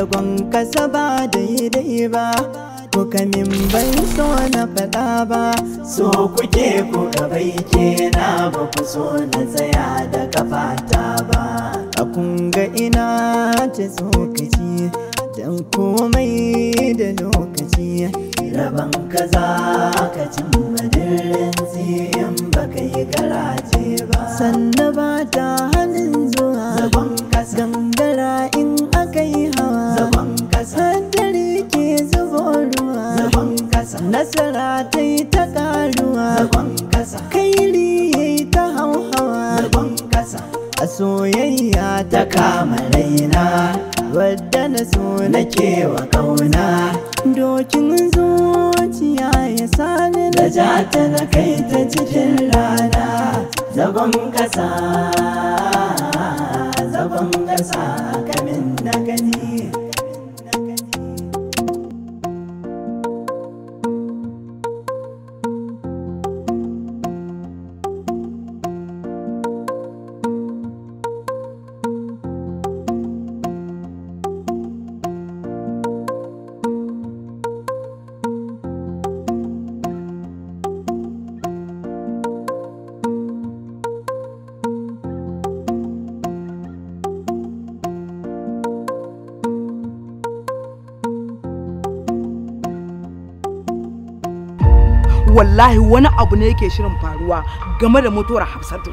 zagon kasa ba daidai ba kuka min bai so na faɗa ba so kuke gabai ke na ba ku so na tsaya da kafata ba a kunga ina ta tsokaci dan komai da lokaci rabon kaza ka cin madirin in baka yi garaje ba sannan ba ta hannun zuwa gangara in aka yi Kasara ta yi ta karuwa kairi ya yi ta hauhawa a soyayya ta kama raina wadda na so na kewa kauna dokin zuciya ya sani da ja ta na kai ta cikin rana zagon kasa zagon kasa wallahi wani abu ne yake shirin faruwa game da mutuwar Hafsatu.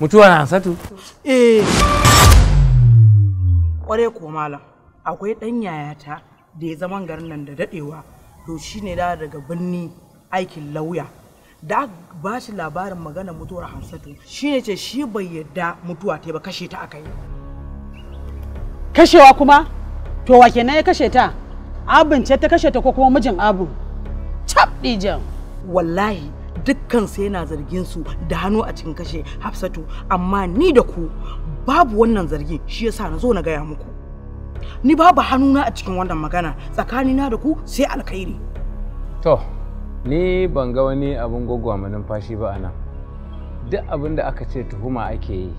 Mutuwar Hafsatu? Eh. Kware ko malam, akwai ɗan yayata da ya zaman garin nan da daɗewa, to shine da daga birni aikin lauya. da ba shi labarin magana mutuwar hamsatu shine ce shi bai yadda mutuwa ta ba kashe ta aka yi kashewa kuma to wa kenan ya kashe ta abin ce ta kashe ta ko kuma mijin abu cap dijan wallahi sai yana zargin su da hannu a cikin kashe hafsatu amma ni da ku babu wannan zargin shi yasa na zo na gaya muku ni babu hannuna a cikin wannan magana tsakanina da ku sai alkhairi to ni ban ga wani abin gwagwama numfashi ba anan duk abin da aka ce tuhuma ake yi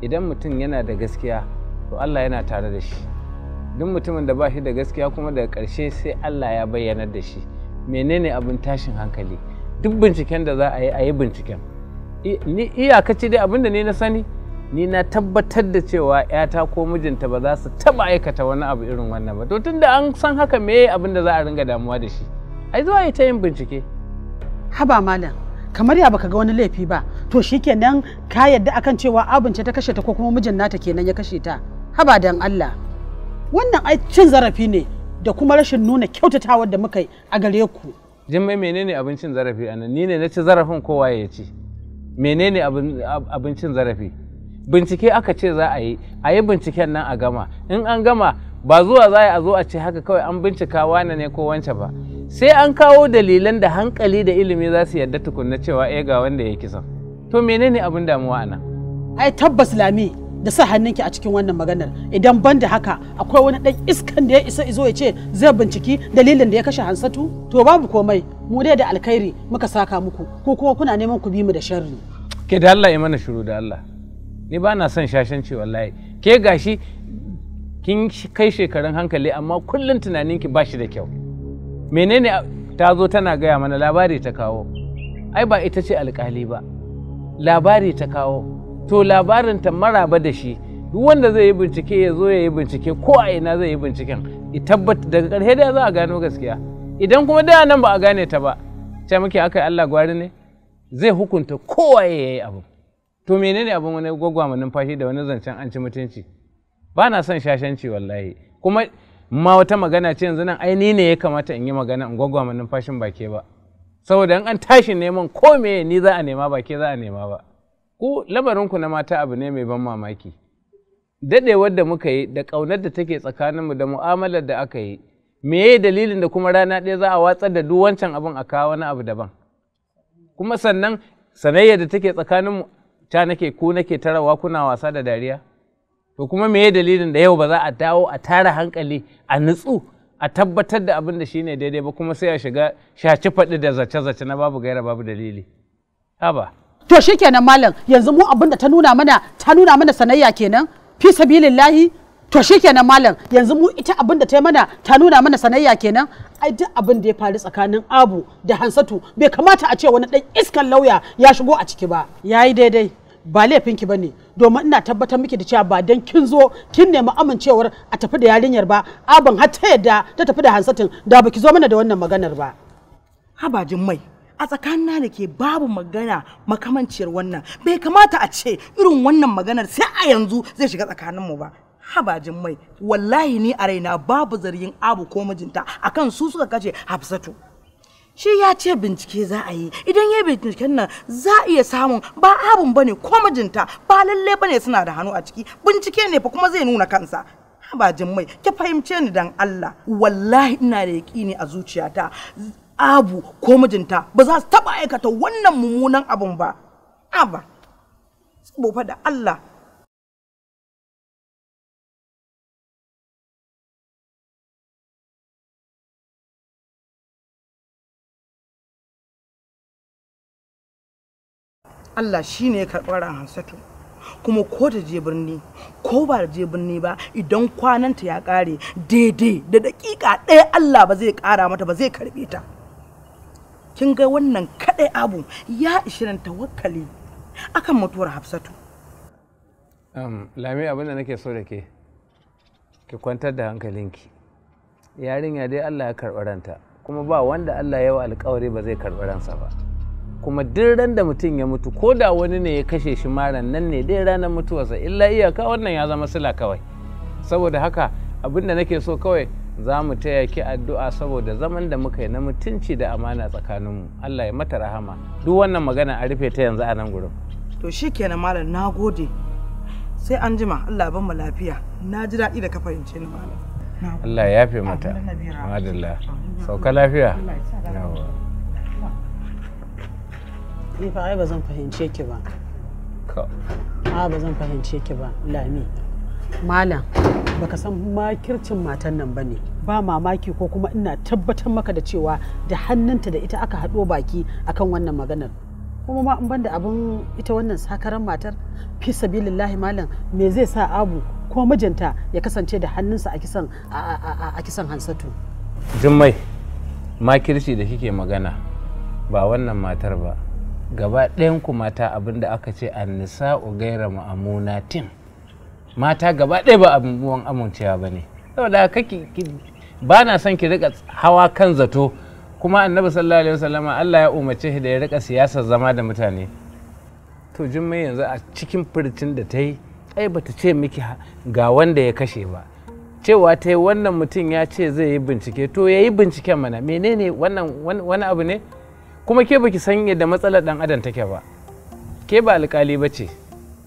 idan mutum yana da gaskiya to Allah yana tare da shi duk mutumin da ba shi da gaskiya kuma daga karshe sai Allah ya bayyanar da shi menene abin tashin hankali duk binciken da za a yi a yi binciken iyakaci dai abin da ni na sani ni na tabbatar da cewa 'yata ko mijinta ba za su taba aikata wani abu irin wannan ba to tun da an san haka me abin da za a ringa damuwa da shi ai zuwa yi ta yin bincike haba malam kamar ya baka ga wani laifi ba to shikenan ka yadda akan cewa abince ta kashe ta ko kuma mijin nata kenan ya kashe ta haba dan Allah wannan ai cin zarafi ne da kuma rashin nuna kyautatawar da muka yi a gare ku jimmai menene abincin zarafi anan ni ne na ci zarafin kowa ya ci menene abincin zarafi bincike aka ce za a yi a yi binciken nan a gama in an gama ba zuwa za a zo a ce haka kawai an bincika wane ne ko wance ba sai an kawo dalilan da hankali da ilimi za su yarda tukunna cewa eh ga wanda ya kisan to menene abin damuwa anan ai tabbas lami da sa hannunki a cikin wannan maganar idan ban da haka akwai wani ɗan iskan da ya isa izo ya ce zai binciki dalilin da ya kashe hansatu to babu komai mu dai da alkhairi muka saka muku ko kuma kuna neman ku bi mu da sharri ke da Allah ya mana shiru da Allah ni ba na son shashanci wallahi ke gashi kin kai shekarun hankali amma kullum tunaninki ba shi da kyau menene ta zo tana gaya mana labari ta kawo ai ba ita ce alkali ba labari ta kawo to labarin ta maraba da shi duk wanda zai yi bincike ya zo ya yi bincike ko a ina zai yi binciken tabbata daga ƙarshe da za a gano gaskiya idan kuma da nan ba a gane ta ba ce muke aka Allah gwari ne zai hukunta kowa ya yi abu to menene abin wani gwagwama numfashi da wani zancen an ci mutunci ba na son shashanci wallahi kuma ma wata magana ce yanzu nan aini ne ya kamata in yi magana in gwagwama numfashin ba ke ba saboda in an tashi neman ko me ni za a nema ba ke za a nema ba ku lamarinku na mata abu ne mai ban mamaki dadewar da muka yi da ƙaunar da take tsakaninmu da mu'amalar da aka yi me ya dalilin da kuma rana ɗaya za a watsar da duk wancan abin a kawo wani abu daban kuma sannan sanayyar da take tsakaninmu ta nake ku nake tarawa kuna wasa da dariya to kuma me ya dalilin da yau ba za a dawo a tara hankali a nutsu a tabbatar da abin da shine daidai ba kuma sai a shiga shaci faɗi da zace-zace na babu gaira babu dalili haba to kenan malam yanzu mu abin da ta nuna mana ta nuna mana sanayya kenan fi sabilillahi to shikenan malam yanzu mu ita abin da ta mana ta nuna mana sanayya kenan ai duk abin da ya faru tsakanin abu da hansatu bai kamata a ce wani dan iskan lauya ya shigo a ciki ba yayi daidai ba laifinki ba ne domin ina tabbatar miki da cewa ba dan kin zo kin nemi amincewar a tafi da yarinyar ba abin har ta yadda ta tafi da hansatin da baki zo mana da wannan maganar ba habajin mai a tsakanina da ke babu magana makamanciyar wannan bai kamata a ce irin wannan maganar sai a yanzu zai shiga tsakaninmu ba habajin mai wallahi ni a raina babu zargin abu ko mijinta akan su suka kace hafsatu shi ya ce bincike za a yi idan ya binciken nan za a iya samun ba abun bane ko mijinta ba lalle bane suna da hannu a ciki bincike ne fa kuma zai nuna kansa habajin mai ki fahimce ni dan Allah wallahi ina da yaƙini a zuciyata abu ko mijinta ba za su taba aikata wannan mummunan abun ba aba bofa da Allah Allah shi ne ya karɓar Hansatu kuma ko ta je birni ko ba da je birni ba idan kwananta ya ƙare daidai da daƙiƙa ɗaya Allah ba zai kara mata ba zai karɓe ta. kin ga wannan kadai abu ya ishirin tawakkali akan mutuwar hafsatu um, lami abin da nake so da ke ki kwantar da hankalinki yarinya dai allah ya karɓi ranta kuma ba wanda allah ya wa alkawari ba zai karɓi ransa ba kuma duk ran da mutum ya mutu ko da wani ne ya kashe shi maran nan ne dai ranar mutuwarsa illa iyaka wannan ya zama sila kawai saboda haka abin da nake so kawai za mu taya ki addu'a saboda zaman da muka yi na mutunci da amana tsakaninmu Allah ya mata rahama duk wannan magana a rufe ta yanzu a nan gurin to shikenan malam na gode sai an jima Allah ban mu lafiya na ji daɗi da ka fahimce ni malam Allah ya yafe mata madalla sauka lafiya ni fa ai ba zan fahimce ki ba ka ba zan fahimce ki ba lami malam baka san makircin matan nan bane ba mamaki ko kuma ina tabbatar maka da cewa da hannunta da ita aka haɗo baki akan wannan maganar kuma ma in banda abin ita wannan sakaran matar fi sabilillahi malam me zai sa abu ko mijinta ya kasance da hannunsa a kisan a kisan hansatu jummai makirci da kike magana ba wannan matar ba gaba ɗayan ku mata da aka ce annisa gaira ma'amuna tin mata gaba ɗaya ba abubuwan amincewa ba ne saboda kake ba na son ki rika hawa kan zato kuma annabi sallallahu alaihi wasallama Allah ya umarce shi da ya rika siyasar zama da mutane to jummai yanzu a cikin furcin da ta yi ai bata ce miki ga wanda ya kashe ba cewa ta yi wannan mutum ya ce zai yi bincike to ya yi binciken mana menene wannan wani abu ne kuma ke baki san yadda matsalar dan adam take ba ke ba alkali ba ce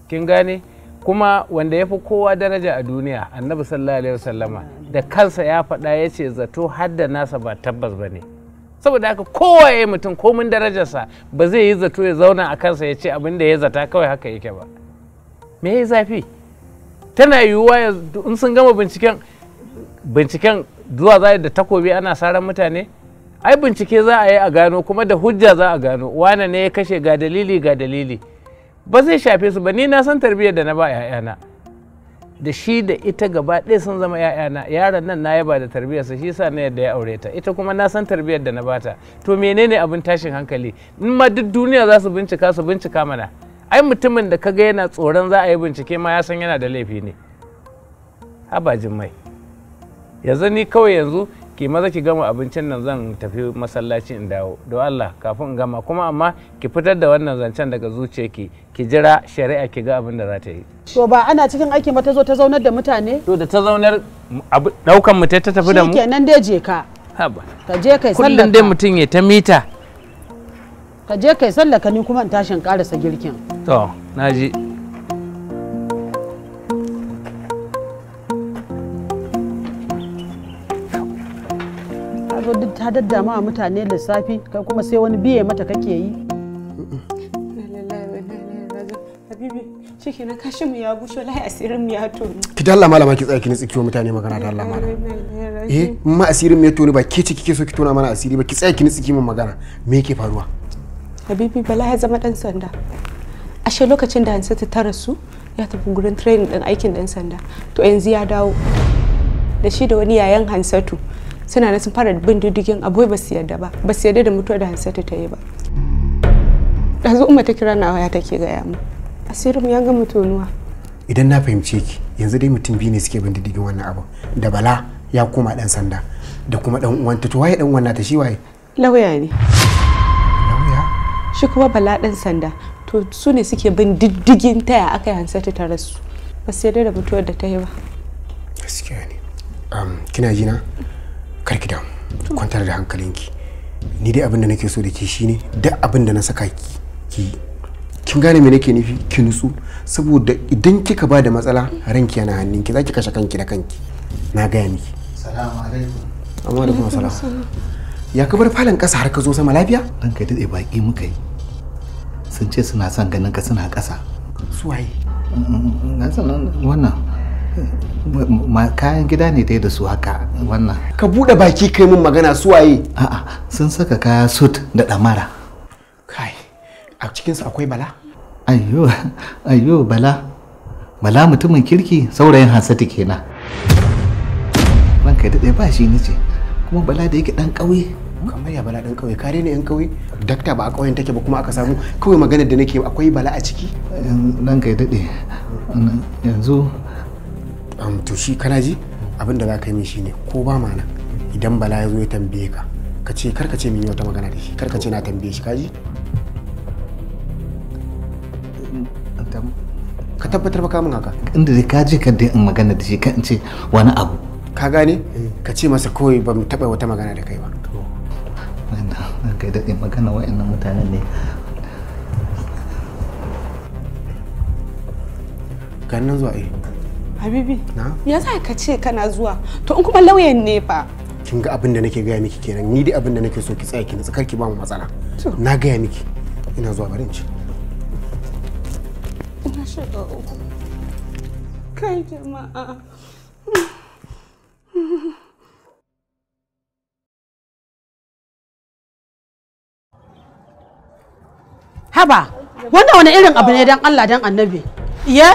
kin gane kuma wanda ya fi kowa daraja a duniya annabi sallallahu alaihi wasallama da kansa ya faɗa ya ce zato hadda nasa ba tabbas ba ne saboda haka kowa ya mutum komin darajarsa ba zai yi zato ya zauna a kansa ya ce abin da ya zata kawai haka yake ba me ya zafi tana yiwuwa in sun gama binciken binciken zuwa za da takobi ana saran mutane ai bincike za a yi a gano kuma da hujja za a gano wane ne ya kashe ga dalili ga dalili ba zai shafe su ba ni na san tarbiyyar da na ba ‘ya'yana da shi da ita gaba ɗaya sun zama ‘ya'yana yaron nan na yaba da tarbiyyar sa shi sa na yadda ya aure ta ita kuma na san tarbiyyar da na ba ta to menene abin tashin hankali in ma duk duniya za su bincika su bincika mana ai mutumin da kaga yana tsoron za a yi bincike ma ya san yana da laifi ne jin mai yanzu ni kawai yanzu ki maza ki gama abincin nan zan tafi masallaci in dawo don Allah kafin in gama kuma amma ki fitar da wannan zancen daga zuciyarki ki jira shari'a ki ga abin da za ta yi to ba ana cikin aiki ba ta zo ta zaunar da mutane to da ta zaunar daukan mu ta tafi da mu shikenan dai je ka haba ka je kai sallaka kullun dai mutun ya ta mita ka je kai sallar ka ni kuma in tashin karasa girkin to naji ta dadda ma mutane lissafi kai kuma sai wani biye mata kake yi habibi shike ya bushe lai asirin ya toni ki dalla malama ki tsaya ki nitsi kiwo mutane magana dalla malama eh ma asirin mu ya toni ba ke ce kike so ki tona mana asiri ba ki tsaya ki nitsi kiwo magana me yake faruwa habibi bala ya zama dan sanda ashe lokacin da hansa ta rasu ya tafi gurin training din aikin dan sanda to yanzu ya dawo da shi da wani yayan hansatu suna na sun fara bin diddigin abu ba su yarda ba ba su yarda da mutuwa da hansatu ta yi ba ɗazu Umar ta kira na waya take gaya mu asirin ya ga tonuwa idan na fahimce ki yanzu dai mutum biyu ne suke bin diddigin wannan abu da bala ya koma dan sanda da kuma dan uwanta to waye dan wannan ta shi waye lauya ne lauya shi kuma bala dan sanda to su ne suke bin diddigin taya aka yi hansatu ta rasu ba sai da mutuwar da ta yi ba gaskiya ne kina jina karki damu kwantar da hankalinki ni dai abin da nake so da ke shine duk abin da na saka ki ki kin gane me nake nufi ki nutsu saboda idan kika ba da matsala ranki yana hannunki za ki kashe kanki da kanki na gaya miki salamu alaikum amma da ya ka bar falon kasa har ka zo sama lafiya kai dade baki muka yi sun ce suna son ganin ka suna kasa suwaye wannan kayan gida ne dai da su haka wannan ka bude baki kai mun magana su waye a'a sun saka kaya sut da damara kai a cikinsu akwai bala ayyo ayyo bala bala mutumin kirki saurayin hansati kenan ranka daɗe ba shi ni ce kuma bala da yake ɗan ƙauye kamar ya bala ɗan ƙauye kare ne yan ƙauye dakta ba a ƙauyen take ba kuma aka samu kawai magana da nake akwai bala a ciki ranka daɗe yanzu to shi kana ji abin da za ka yi min shine ko ba mana nan idan bala ya zo ya tambaye ka ka ce karka ce min wata magana da shi karka ce na tambaye shi kaji ka tabbatar ba kamun haka inda dai ka je ka dai in magana da shi ka in ce wani abu ka gane ka ce masa kawai ba mu taba wata magana da kai ba kai da magana wa'annan mutanen ne ganin zuwa eh Habibi. Na? Ya za ka ce kana zuwa? To in kuma lauyan ne fa. Kin ga abin da nake gaya miki kenan ni dai abin da nake so ki tsaya ki nutsu ki ba mu matsala. Na gaya miki ina zuwa bari in ci. Ina shiga uku. Kai jama'a. Haba, wannan wani irin abu ne dan Allah dan annabi? Iya?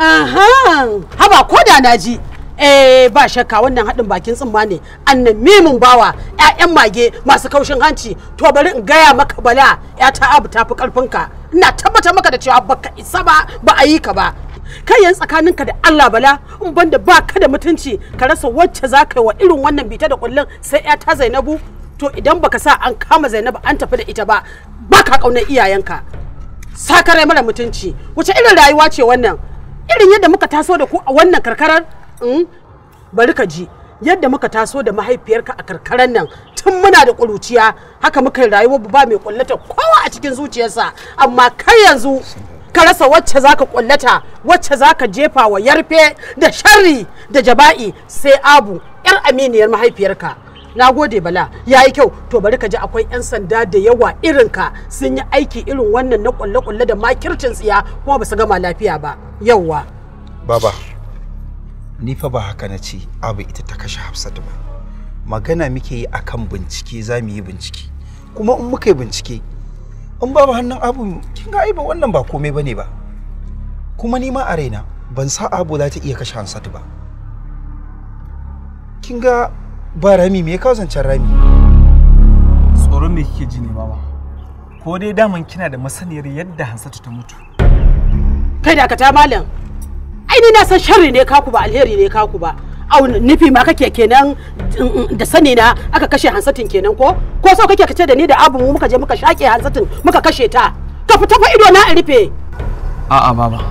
Ahan! Haba ko da na ji. Eh ba shakka wannan haɗin bakin tsimma ne. Annan mimin bawa, 'ya'yan mage masu kaushin hanci. To bari in gaya maka bala, ya ta abu ta fi ƙarfinka. Ina tabbatar maka da cewa baka isa ba, ba a yi ka ba. Kai yan tsakaninka da Allah bala, in banda ba ka da mutunci, ka rasa wacce za ka yi wa irin wannan bita da kullun sai ya ta Zainabu. To idan baka sa an kama Zainabu an tafi da ita ba, ba ka ƙaunar iyayenka. Sakare mara mutunci, wace irin rayuwa ce wannan? irin yadda muka taso da ku a wannan karkarar mm, bari ka ji yadda muka taso da mahaifiyarka a karkarar nan tun muna da ƙuruciya haka muka yi rayuwa ba mai ƙullata kowa a cikin zuciyarsa amma kai yanzu ka rasa wacce zaka ƙullata wacce zaka jefa wa yarfe da sharri da jaba'i sai abu yar aminiyar mahaifiyarka na gode bala ya yi kyau to bari ka ji akwai 'yan sanda da yawa irin ka sun yi aiki irin wannan na kulle-kulle da makircin tsiya kuma ba su gama lafiya ba yawa baba ni fa ba haka na ce abu ita ta kashe hafsatu ba magana muke yi akan bincike za mu yi bincike kuma in muka yi bincike in babu hannun abu kin ga ba wannan ba komai bane ba kuma ni ma a raina ban sa abu za ta iya kashe hafsatu ba kin ga ba rami me ya kawo rami tsoron me kike ji ne baba ko dai daman kina da masaniyar yadda hansatu ta mutu kai da ka ta malam ai ni na san sharri ne kaku ba alheri ne kaku ba au nufi ma kake kenan mm, mm, da sani na aka kashe hansatin kenan ko ko sau kake kace da ni da abu mu muka je muka shake hansatin muka kashe ta ka fita fa ido na in rufe a'a baba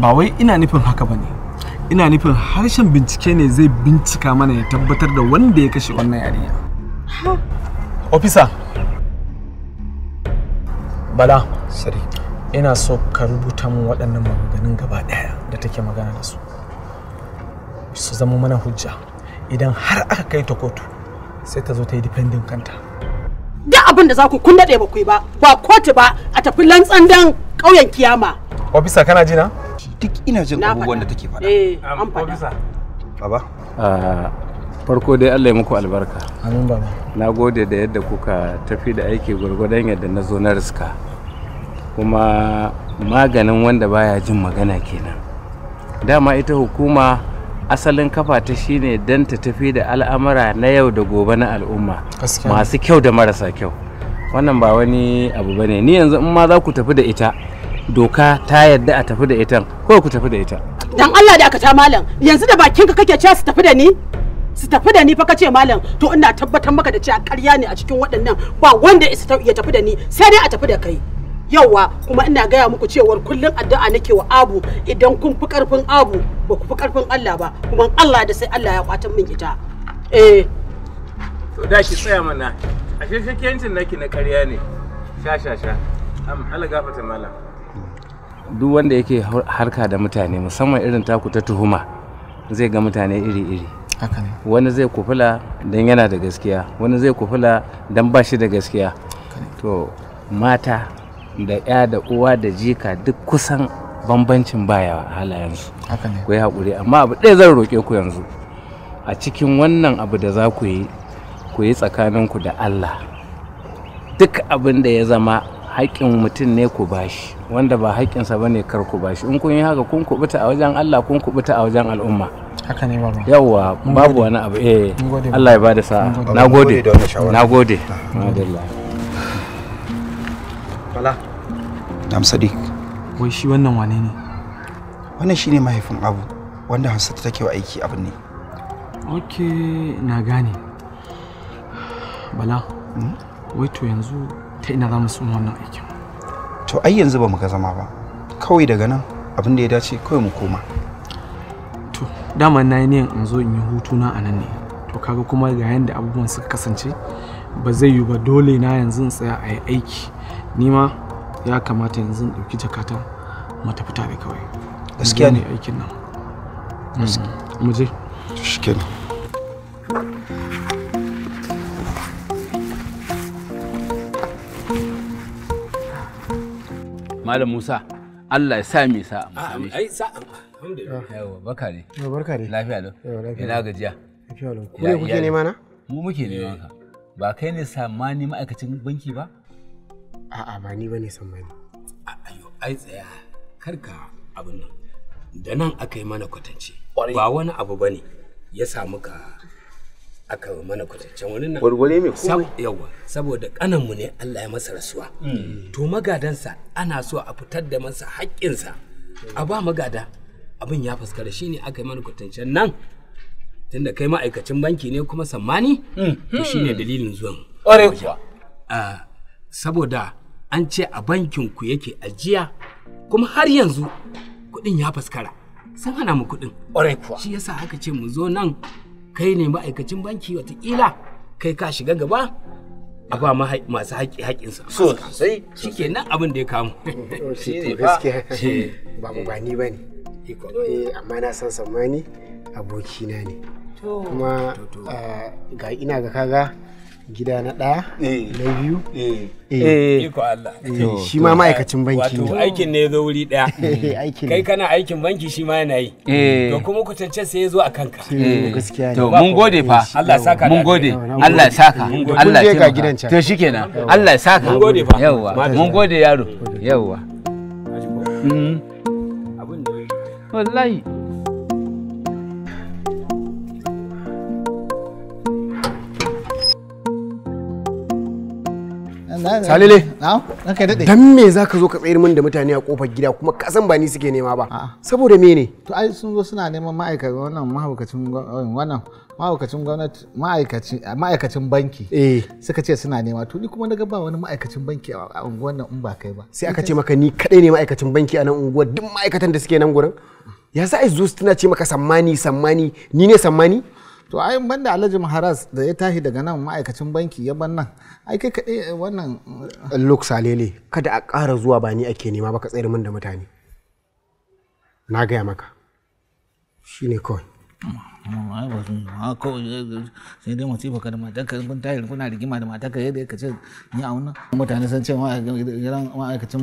ba wai ina nufin haka bane ina nufin harshen bincike ne zai bincika mana ya tabbatar da wanda ya kashe wannan yarinya ofisa bala sari ina so ka rubuta min waɗannan maganganun gaba ɗaya da take magana da su su zama mana hujja idan har aka kai ta kotu sai ta zo ta yi dipendin kanta da abin da za ku kun daɗe ba ku yi ba ba kotu ba a tafi lantsan dan ƙauyen kiyama ofisa kana jina duk ina jin abubuwan da take faɗa. Eh, an faɗa. Baba. Ah, farko dai Allah ya muku albarka. Amin baba. Na gode da yadda kuka tafi da aiki gwargwadon yadda na zo na riska. Kuma maganin wanda baya jin magana kenan. Dama ita hukuma asalin kafa ta shine don ta tafi da al'amura na yau da gobe na al'umma. Masu kyau da marasa kyau. Wannan ba wani abu bane. Ni yanzu in ma za ku tafi da ita. doka ta yadda a tafi da ita ko ku tafi da ita dan Allah da aka ta malam yanzu da bakin ka kake cewa su tafi da ni su tafi da ni fa kace malam to ina tabbatar maka da cewa ƙarya ne a cikin waɗannan ba wanda ya tafi da ni sai dai a tafi da kai yauwa kuma ina gaya muku cewar kullum addu'a nake wa abu idan kun fi karfin abu ba ku fi karfin Allah ba kuma Allah da sai Allah ya kwatan min ita eh to da ki tsaya mana ashe shekiyancin naki na ƙarya ne sha sha sha am halaga malam duk wanda yake harka da mutane musamman irin taku ta tuhuma zai ga mutane iri-iri wani zai kufula don yana da gaskiya wani zai kufula don ba shi da gaskiya to mata da ya da uwa da jika duk kusan bambancin baya halayensu ku yi haƙuri amma abu ɗaya zan roƙe ku yanzu a cikin wannan abu da za ku yi ku yi tsakaninku da allah duk abin da ya zama haƙƙin mutum ne ku bashi wanda ba haƙƙinsa ba ne kar ku bashi in kun yi haka kun kubuta a wajen Allah kun kubuta a wajen al'umma haka ne baba yawa babu wani abu eh Allah ya bada sa'a na gode ah. madalla bala dam sadiq wai shi wannan wane ne wannan shine mahaifin abu wanda Hassatu take wa aiki abin ne okay na gane bala hmm? wai to yanzu ta ina za mu wannan aikin to ai yanzu ba mu ga zama ba kawai daga nan abin da ya dace kawai mu koma to dama na yi niyan in zo in yi hutu na a nan ne to kaga kuma ga yanda abubuwan suka kasance ba zai yi ba dole na yanzu in tsaya a yi aiki ni ma ya kamata yanzu in ɗauki jakata mu tafi tare kawai gaskiya ne aikin nan mm-hmm. mu je shikenan Malam Musa, Allah ya sa mai sa'a. Ai sa'a. Alhamdulillah. Ah. Yawa, barka ne. Yawa, barka ne. Lafiya lau. Yawa, lafiya. Ina gajiya. Lafiya lau. Ku ne kuke nema na? Mu muke eh. neman ka. Ba kai ne samani ma'aikacin banki ba? A'a, ba ni bane samani. Ayo, ai tsaya. Karka abin nan. Da nan aka yi mana kwatance. Ba wani abu bane ya samu ka aka mana kwatancan wani nan gwargwale mai kuma yawa saboda kananmu ne Allah ya masa rasuwa mm. to magadansa ana so a fitar da masa haƙƙinsa a ba magada abin ya faskara shine aka yi mana kwatancen nan tunda kai ma'aikacin banki ne kuma sammani to mm-hmm. shine dalilin zuwan ƙware kuwa saboda an ce a bankin ku yake ajiya kuma har yanzu kuɗin ya faskara sun hana mu kuɗin ƙware kuwa shi yasa aka ce mu zo nan kai ne ma'aikacin banki watakila kai ka shiga gaba a ba masu haƙi haƙinsa. So sai. Shi ke nan abin da ya kamu. Shi ne ba. Ba mu ba ni ba ne. Eh, amma na san samani abokina ne. Kuma ah, ga ina ga kaga gida na ɗaya eh. na biyu eh. Eh. shi ma ma'aikacin banki ne wato aikin ne zo wuri ɗaya kai kana aikin banki shi ma yana yi to kuma ku kwatance sai ya zo a kanka to mun gode fa Allah ya saka mun gode Allah ya saka Allah ya saka to shikenan Allah ya saka mun gode fa yawwa mun gode yaro yawwa abin da mm-hmm. wallahi salile na'am kai daɗe. dan me za ka zo ka tsayar min da mutane a kofar gida kuma ka san ba ni suke nema ba saboda me ne to ai sun zo suna neman ma'aikata wannan mahaukacin wannan ma'aikacin gwamnati ma'aikacin banki eh. suka ce suna nema to ni kuma na ba wani ma'aikacin banki a unguwar nan in ba kai ba sai aka ce maka ni kadai ne ma'aikacin banki a nan unguwar duk ma'aikatan da suke nan gurin ya za a zo tana ce maka sammani sammani ni ne sammani to ai banda alhaji maharas da ya tashi daga nan ma'aikacin banki ya ban nan ai kai kaɗai eh, wannan eh, luk salele kada a ƙara zuwa ba ni ake nema ba ka tsayar min da mutane na gaya maka shine kawai amma ba su ma kawai sai dai masifa ka da matarka kun tayar kuna rigima da matarka yadda ka ce ni a wannan mutane sun ce ma'aikacin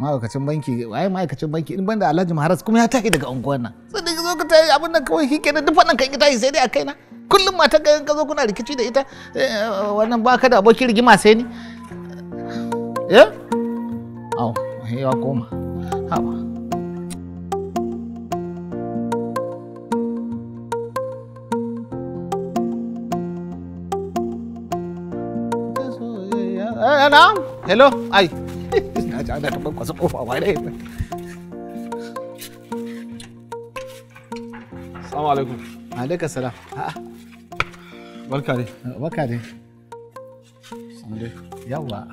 ma'aikacin banki ai ma'aikacin banki in banda Alhaji Maharas kuma ya tayi daga unguwar nan sai da zo ka tayi abin nan kawai kike da duk wannan kan tayi sai dai a kaina kullum matarka ka zo kuna rikici da ita eh, wannan baka da abokin rigima sai ni eh au ya koma haba na hello ai na ji ana taɓa kwasu ƙofa wa ne salamu alaikum alaika salam Ha? barka ne ah, barka ne yawa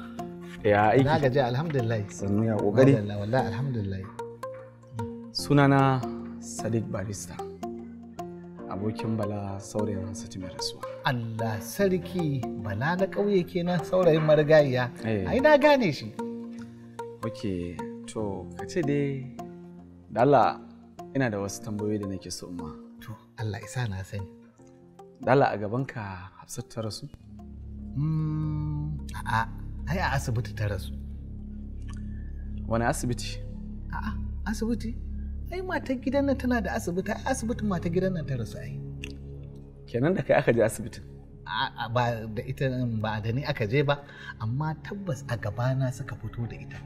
ya aiki na gaje alhamdulillah sannu ya kokari wallahi wallahi alhamdulillah sunana sadiq barista abokin bala saurayin satimar rasuwa Allah sarki bala na ƙauye kenan saurayin marigayiya eh. ai na gane shi ok to ka ce dai da Allah ina da wasu tambayoyi da nake so ma to Allah isa na sani da Allah a gaban ka Hafsat ta rasu mm, a'a ai a asibiti ta rasu wani asibiti a'a asibiti ai matar gidan nan tana da asibiti ai asibitin matar gidan nan ta rasu ai kenan da kai aka je asibitin ba da ita ba da ni aka je ba amma tabbas a gabana suka fito da ita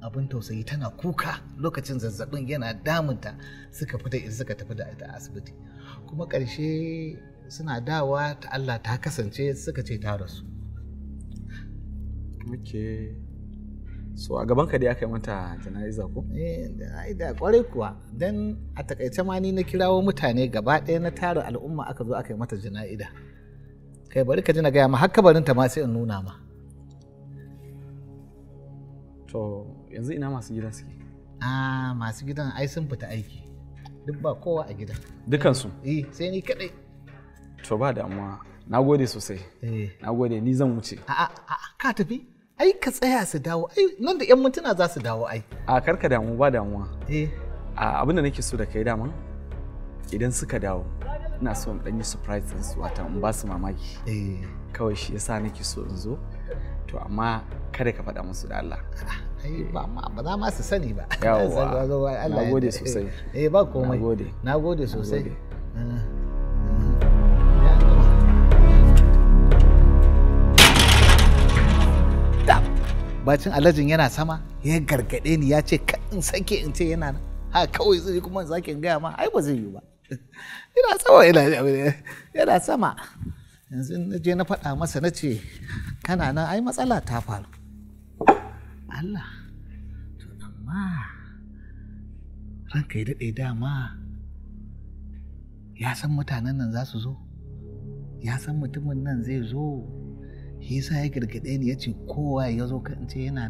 abin tausayi tana kuka lokacin zazzabin yana damunta suka fita suka tafi da ita asibiti kuma ƙarshe suna dawa ta Allah ta kasance suka ce ta rasu. okay. so a gaban ka dai aka yi mata jana'iza ko eh jana'iza kwarai kuwa don a takaice ma ni na kirawo mutane gaba ɗaya na tara al'umma aka zo aka yi mata jana'ida kai bari ka ji na gaya ma har kabarinta ma sai in nuna ma to yanzu ina masu gida suke ah masu gidan ai sun fita aiki duk ba kowa a gidan dukansu eh sai ni kadai to ba damuwa na gode sosai eh. na gode ni zan wuce a'a ka tafi ai ka tsaya su dawo ai nan da 'yan mintuna za su dawo ai a karka damu ba damuwa eh. a abinda nake so da kai dama idan suka dawo ina so in dan yi surprise din su wata in ba su mamaki eh. kawai shi yasa nake so in zo to amma kada ka faɗa musu da Allah ba ba za ma su sani ba yawa eh, gode sosai ba komai gode sosai mm. bacin alajin yana sama ya gargaɗe ni ya ce ka in sake in ce yana ha kawai zai kuma in sake in gaya ma ai ba zai yi ba ina sama yana sama yanzu na je na faɗa masa na ce kana nan ai matsala ta faru Allah to amma ranka ya daɗe dama ya san mutanen nan za su zo ya san mutumin nan zai zo shi yasa ya gargaɗe ni ya ce kowa ya zo kan ce yana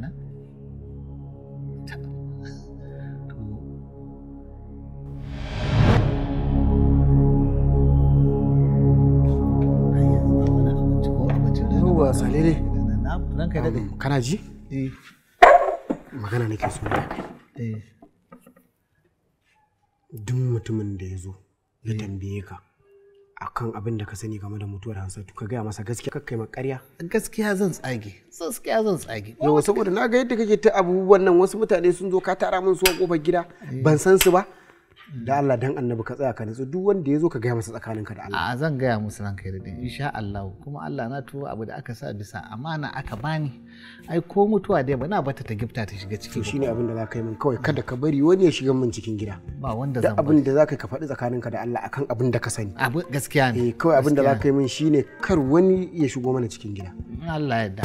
nan kana ji? Eh. magana nake so ne eh. duk mutumin da ya zo ya eh. tambaye ka akan abin da ka sani game da mutuwar Hansatu ka gaya masa gaskiya kakka kai ƙarya gaskiya zan tsage gaskiya zan tsage saboda na ga yadda kake ta abubuwan nan wasu mutane sun zo ka tara min su a kofar gida ban san su ba da Allah dan annabi ka tsaya ka nutsu duk wanda ya zo ka gaya masa tsakaninka da Allah a zan gaya musu kai da din insha Allah kuma Allah na tuwo abu da aka sa bisa amana aka bani ai ko mutuwa dai ba na bata ta gifta ta shiga ciki to shine abin da za ka yi min kawai kada ka bari wani ya shiga min cikin gida ba wanda zan abin da za ka faɗi tsakaninka da Allah akan abin da ka sani abu gaskiya ne eh kawai abin da za ka yi min shine kar wani ya shigo mana cikin gida Allah ya yarda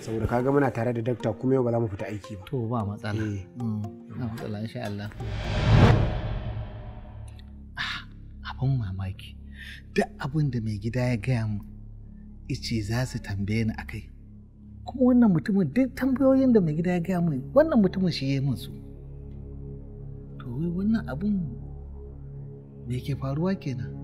saboda kaga muna tare da dakta kuma yau ba za mu fita aiki ba to ba matsala eh. mm. ba matsala Allah ah, abin mamaki duk abin da mai gida ya gaya mu ice za su tambaye ni akai kuma wannan mutumin duk tambayoyin da mai gida ya gaya min wannan mutumin shi ya yi su to wai wannan abin me ke faruwa kenan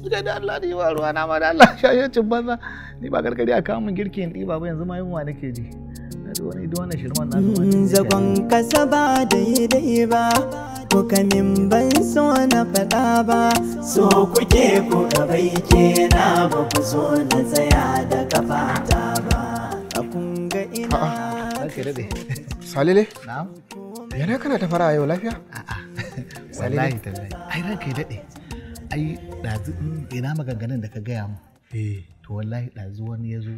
Allah ne ruwa na ma da Allah shayyancin banza ni ba karkari a kawo min girki in ɗiba ba yanzu ma yunwa nake ji Mm, zagon kasa ba daidai ba ko min ban so na faɗa ba so kuke ku gabai kena ba ku so na tsaya da kafata ba a kun ga ina salile yana kana ta fara yau lafiya wallahi tallahi ai ranka ya daɗe ai ɗazu mm, ina maganganun da ka gaya mu eh. to wallahi ɗazu wani ya zo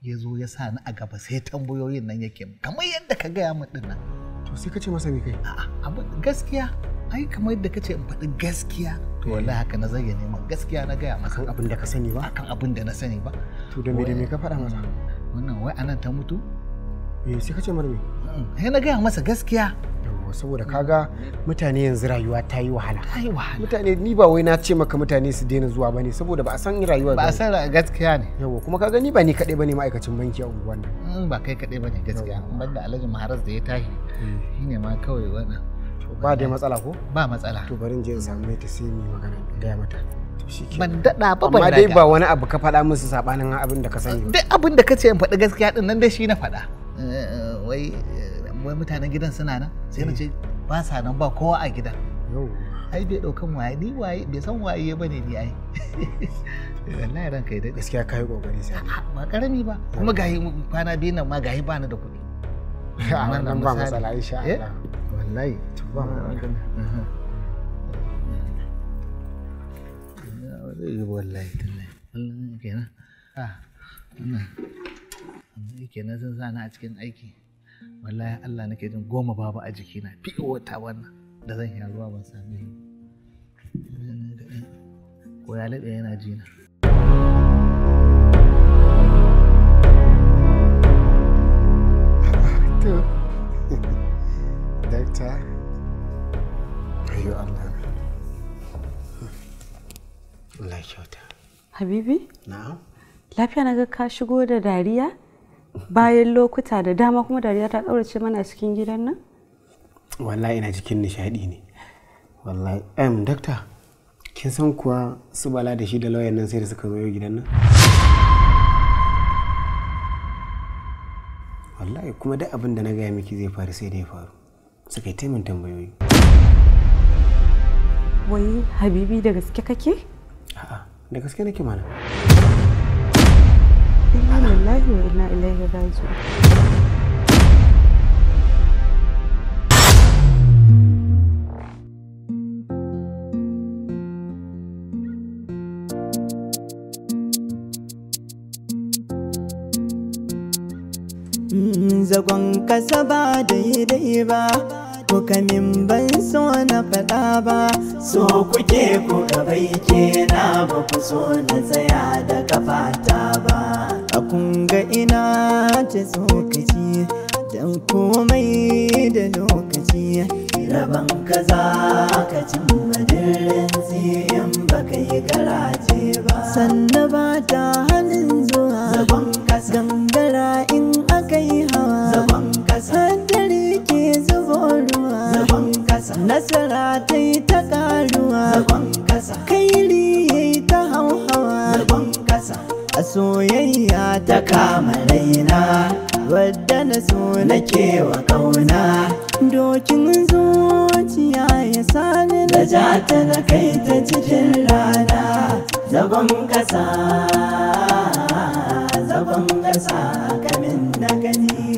ya zo ya sa ni a gaba sai tambayoyin nan yake kamar yadda ka gaya min din nan to sai ka ce masa me kai a'a abin gaskiya ai kamar yadda kace in faɗi gaskiya to eh. wallahi haka na zage neman gaskiya na gaya masa abin da ka sani ba akan abin da na sani ba to da me da me ka faɗa masa wannan wai anan ta mutu eh sai ka ce marmi eh na gaya masa gaskiya ba saboda kaga mutane yanzu rayuwa ta yi wahala mutane ni ba wai na ce maka mutane su daina zuwa bane saboda ba a san rayuwa ba a san gaskiya ne yawa kuma kaga ni ba ni kadai bane ma'aikacin banki a unguwan nan mm, ba kai kadai bane gaskiya banda alhaji maharas da ya tashi eh. shine ma kawai wannan ba dai matsala ko ba matsala to bari je in samu mai ta sai mu magana gaya mata ban daɗa ba ban amma dai ba wani abu ka faɗa musu sabanin abin da ka sani duk abin da ka ce in faɗi gaskiya din nan dai shi na faɗa eh, eh, wai wai mutanen gidan suna nan sai na eh. ce ba sa nan ba kowa a gidan ai bai daukan waye ni waye bai san waye bane ni ai wallahi ran kai dade gaskiya kai kokari sai ba karami ba kuma gahi kwana biyu nan ma gahi bani da kuɗi nan nan ba matsala insha eh? Allah wallahi to ba wallahi wallahi kenan ah wannan kenan sun sa na a cikin aiki wallahi Allah nake jin goma babu a jikina fi wata wannan da zan yi ruwa ban same ko ya laɓe yana jina. Dakta, ayo Allah. Allah kyauta. Habibi? Na'am. Lafiya na ga ka shigo da dariya? bayan lokuta da dama kuma dariya ta ɗaurace mana cikin gidan nan wallahi ina cikin nishadi ne wallahi em dakta kin san kuwa su bala da shi da lauyan nan sai da suka zo gidan nan wallahi kuma duk abin da na gaya miki zai faru sai dai faru suka yi taimin tambayoyi wai habibi da gaske kake a'a da gaske nake mana lillahi wa inna ilaihi raji'un mm, zagon kasa ba daidai ba ko kamin ban so na faɗa ba so kuke ku bai ke na ba ku so na tsaya da kafata ba kun ga ina ta tsokaci komai da lokaci rabon ka za ka cin madirin in baka yi garaje ba sannan ba ta hannun zuwa zaban kasa gangara in aka yi hawa zaban kasa haddare ke zubo ruwa zaban kasa nasara ta yi ta karuwa zaban kasa kairi ya yi ta hauhawa zaban soyayya ta kama raina wadda na so nake wa kauna dokin zuciya ya sani da ja ta na kai ta cikin rana zagon kasa zagon kasa kamin na gani